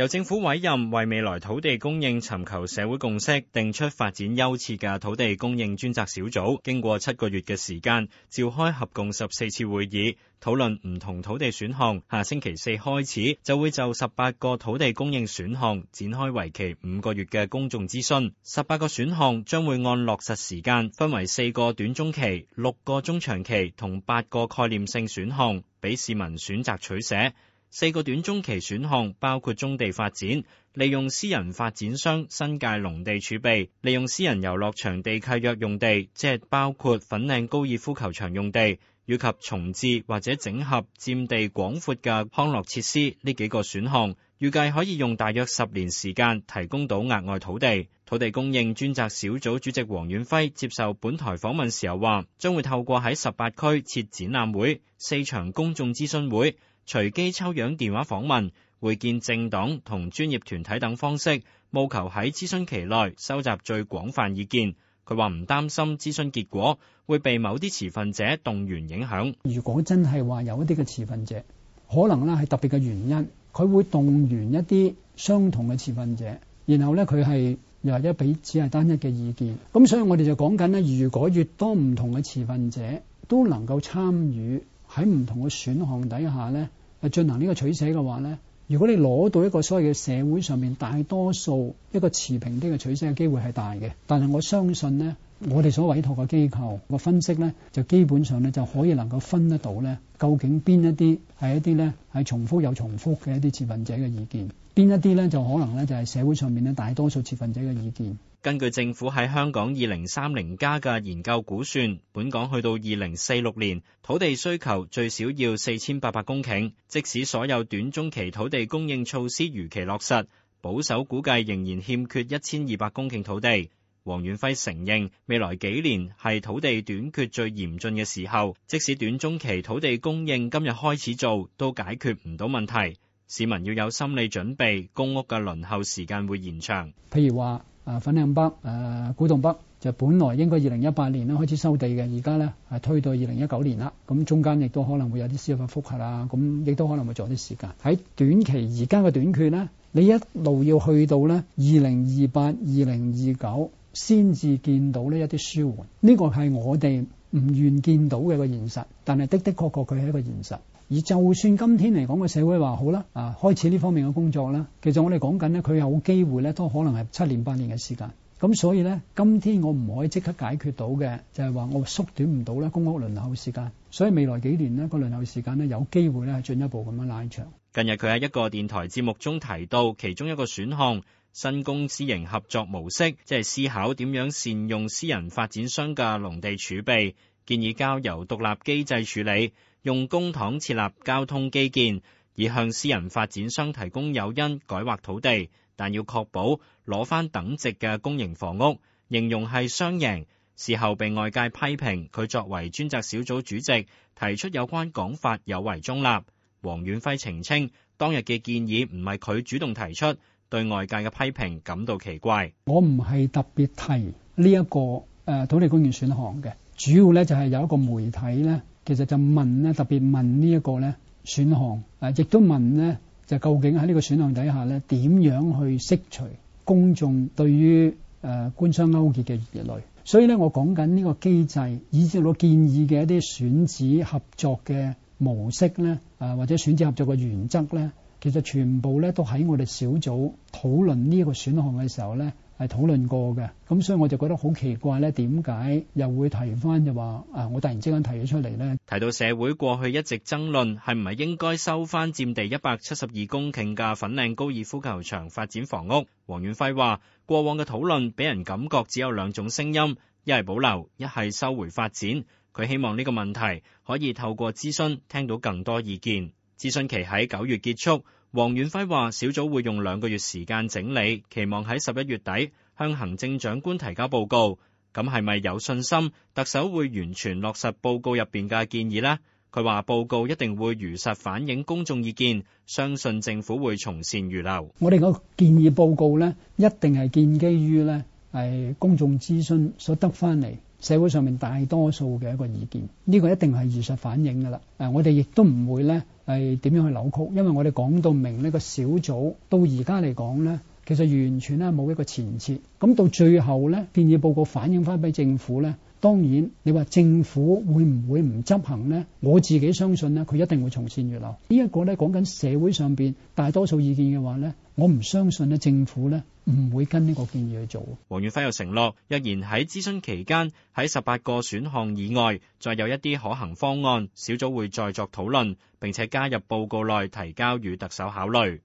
由政府委任為未來土地供應尋求社會共識，定出發展優次嘅土地供應專責小組。經過七個月嘅時間，召開合共十四次會議，討論唔同土地選項。下星期四開始，就會就十八個土地供應選項展開為期五個月嘅公眾諮詢。十八個選項將會按落實時間分為四個短中期、六個中長期同八個概念性選項，俾市民選擇取捨。四個短中期選項包括棕地發展，利用私人發展商新界農地儲備，利用私人遊樂場地契約用地，即係包括粉嶺高爾夫球場用地，以及重置或者整合佔地廣闊嘅康樂設施呢幾個選項，預計可以用大約十年時間提供到額外土地。土地供應專責小組主席黃遠輝接受本台訪問時候話，將會透過喺十八區設展覽會，四場公眾諮詢會。隨機抽樣電話訪問、會見政黨同專業團體等方式，務求喺諮詢期內收集最廣泛意見。佢話唔擔心諮詢結果會被某啲持份者動員影響。如果真係話有一啲嘅持份者，可能咧係特別嘅原因，佢會動員一啲相同嘅持份者，然後呢，佢係又或者俾只係單一嘅意見。咁所以，我哋就講緊咧，如果越多唔同嘅持份者都能夠參與喺唔同嘅選項底下呢。係進行呢個取捨嘅話咧，如果你攞到一個所謂嘅社會上面大多數一個持平啲嘅取捨嘅機會係大嘅，但係我相信咧。我哋所委託嘅機構個分析呢，就基本上呢就可以能夠分得到呢，究竟邊一啲係一啲呢係重複又重複嘅一啲持份者嘅意見，邊一啲呢就可能呢就係社會上面呢大多數持份者嘅意見。根據政府喺香港二零三零加嘅研究估算，本港去到二零四六年土地需求最少要四千八百公頃，即使所有短中期土地供應措施如期落實，保守估計仍然欠缺一千二百公頃土地。黃遠輝承認，未來幾年係土地短缺最嚴峻嘅時候。即使短中期土地供應今日開始做，都解決唔到問題。市民要有心理準備，公屋嘅輪候時間會延長。譬如話誒粉嶺北誒古洞北就本來應該二零一八年啦開始收地嘅，而家咧係推到二零一九年啦。咁中間亦都可能會有啲司法覆核啦，咁亦都可能會做啲時間，喺短期而家嘅短缺咧，你一路要去到咧二零二八二零二九。先至見到呢一啲舒緩，呢個係我哋唔願見到嘅一個現實，但係的的確確佢係一個現實。而就算今天嚟講個社會話好啦，啊開始呢方面嘅工作啦，其實我哋講緊呢，佢有機會呢都可能係七年八年嘅時間。咁所以呢，今天我唔可以即刻解決到嘅，就係話我縮短唔到咧公屋輪候時間。所以未來幾年呢個輪候時間呢，有機會咧進一步咁樣拉長。近日佢喺一個電台節目中提到其中一個選項。新公私營合作模式，即係思考點樣善用私人發展商嘅農地儲備。建議交由獨立機制處理，用公帑設立交通基建，以向私人發展商提供誘因改劃土地，但要確保攞翻等值嘅公營房屋。形容係雙贏。事後被外界批評佢作為專責小組主席提出有關講法有違中立。黃遠輝澄清，清當日嘅建議唔係佢主動提出。對外界嘅批評感到奇怪，我唔係特別提呢一個誒土地公員選項嘅，主要咧就係有一個媒體咧，其實就問咧特別問呢一個咧選項，誒亦都問咧就究竟喺呢個選項底下咧點樣去釋除公眾對於誒官商勾結嘅疑慮，所以咧我講緊呢個機制，以至我建議嘅一啲選址合作嘅模式咧，誒或者選擇合作嘅原則咧，其實全部咧都喺我哋小組討論呢一個選項嘅時候咧係討論過嘅，咁所以我就覺得好奇怪咧，點解又會提翻就話誒我突然之間提咗出嚟咧？提到社會過去一直爭論係唔係應該收翻佔地一百七十二公頃嘅粉嶺高爾夫球場發展房屋，黃遠輝話過往嘅討論俾人感覺只有兩種聲音，一係保留，一係收回發展。佢希望呢個問題可以透過諮詢聽到更多意見。諮詢期喺九月結束，黃遠輝話小組會用兩個月時間整理，期望喺十一月底向行政長官提交報告。咁係咪有信心特首會完全落實報告入邊嘅建議呢？佢話報告一定會如實反映公眾意見，相信政府會從善如流。我哋個建議報告呢，一定係建基於咧係公眾諮詢所得翻嚟。社會上面大多數嘅一個意見，呢個一定係如實反映㗎啦。誒，我哋亦都唔會咧係點樣去扭曲，因為我哋講到明呢個小組到而家嚟講咧，其實完全咧冇一個前設。咁到最後咧，建議報告反映翻俾政府咧。當然，你話政府會唔會唔執行呢？我自己相信呢佢一定會從善如流。這個、呢一個咧講緊社會上邊大多數意見嘅話呢，我唔相信呢政府呢唔會跟呢個建議去做。黃遠輝又承諾，若然喺諮詢期間喺十八個選項以外再有一啲可行方案，小組會再作討論並且加入報告內提交與特首考慮。